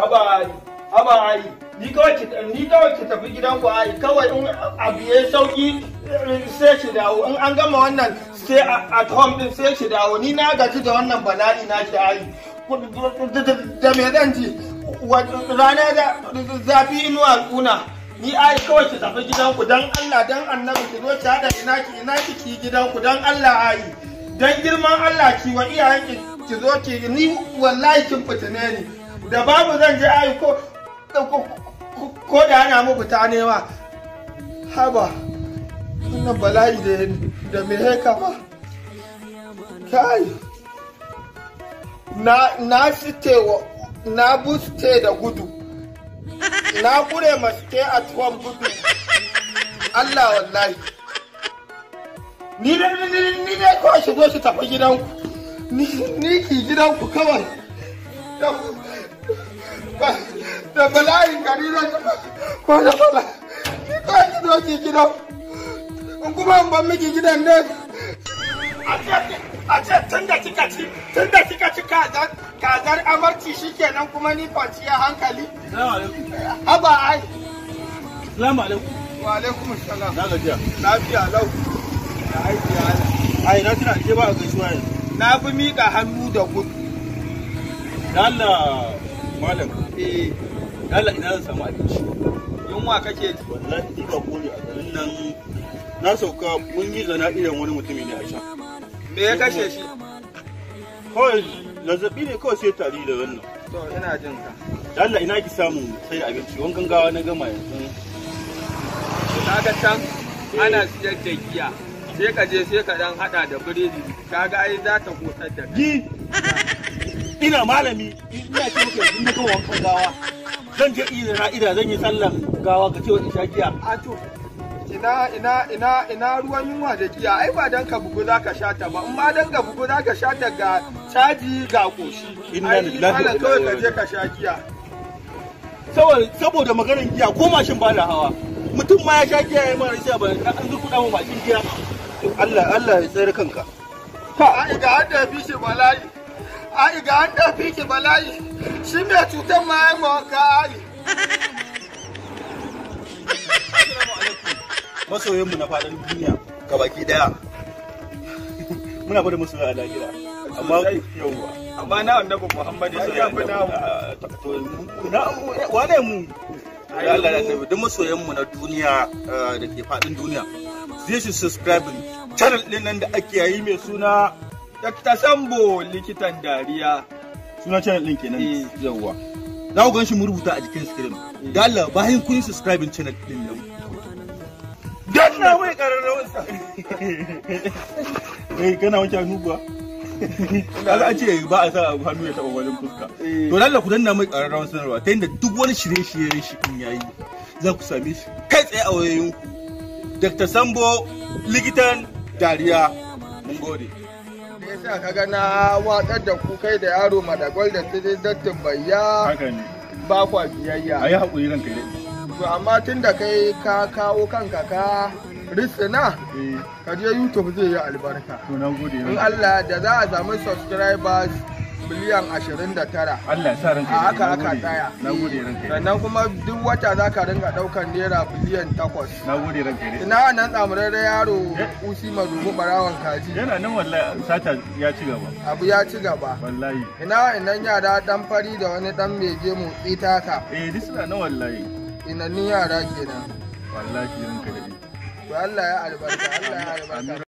haba ai ni kawai ki ni kawai ki tafi gidanku ai kawai in abu yayi sauki sai ki dawo in an gama wannan sai at home din sai ki dawo ni na gaji da wannan bala'i na ki ai da me zan ji rana da zafi inuwa kuna ni ai kawai ki tafi gidanku dan Allah dan annabi ki zo ki hada ina ki ina ki gidanku dan Allah ai dan girman Allah ki wa iyayen ki zo ki ni wallahi kin fitine ni da babu zan je ayi ko ko da ana muku ta nema haba wannan bala'i da me ka ba kai na na wa na buste da gudu na kure maske a tuwon gudu Allah wallahi ni da ni ne ko shi shi tafi gidanku ni ki gidanku kawai da bala'in gari na ko da fala ni ko ki doki in kuma in ban miki gidan a ce tun da kika ci tun da kika ci kazar kazar amarci shikenan kuma ni kwanciya hankali haba ai salamu alaikum wa alaikum salam na gajiya lafiya lau da aiki ai na tuna ce ba a gaisuwa yanzu na fi miƙa hannu da gudu Allah malam eh dala ina zan samu abinci yunwa kake wallahi ni ka kone a garin nan na sauka mun yi zana irin wani mutumi ne a can me ya kashe shi kawai zazzabi ne kawai sai tari da wannan to ina jin ka dala ina ki samu sai abinci wani gangawa na gama yanzu na ga can eh. ana siyar da giya sai ka je sai ka dan hada da biredi kaga ai za ta kotar da kai ina malami ina ce muke in ji kawo wankan gawa zan je ina na ina zan yi sallan gawa ka ce wa isha giya a to ina ina ina ina ruwan yunwa da giya ai ba dan ka bugu za ka sha ta ba in ma dan ka bugu za ka sha ta ga caji ga koshi inna lillahi kawai ka je ka sha giya saboda maganar giya ko mashin ba hawa mutum ma ya sha giya ya mara sai ba na an zuku dawo mashin giya Allah Allah ya tsare kanka ka ga hadda bishi bala'i ai ga an dafi ki bala'i shi mai cutar ma ya ka ai masoyinmu na faɗin duniya ka baki daya muna bada musu a lahira amma yauwa amma na annabi muhammad ya fi na wane mu ya Allah ya tabbata duk masoyan na duniya da ke faɗin duniya zai su subscribe channel ɗin nan da ake yayi mai suna Dr. Sambo likitan dariya. Suna channel ɗin kenan eh. yauwa. Za ku ganshi shi mu rubuta a jikin screen. Eh. Allah bayan kun subscribe channel ɗin nan. wai mai sa. Eh kana wanke hannu Da za a ce ba a sa hannu ya taba wajen fuska. Eh. To dalla ku danna mai ƙararrawar sanarwa ta yadda duk wani shirye-shiryen shi kun yayi za ku same shi kai tsaye a wayoyinku. Dr. Sambo likitan dariya. Mun gode. sha kaga na watsar da ku kai da yaro madagol da ta dattin bayya ba kwa biyayya a yi haƙuri kai to amma tun da kai ka kawo kanka ka risina eh. ka je youtube zai yi albarka in allah da za a samu subscribers miliyan 29 a haka aka tsaya sannan kuma duk wata za ka ringa daukan naira biliyan 8 na ina nan tsamurarren yaro eh. usi madugu barawan kaji yana nan wallahi sata ya ci gaba abu ya ci gaba wallahi ina inan yara dan fari da wani dan mai gemu itaka eh duk suna nan wallahi inannin yara kenan wallahi ranka ne Allah ya albarka Allah ya albarka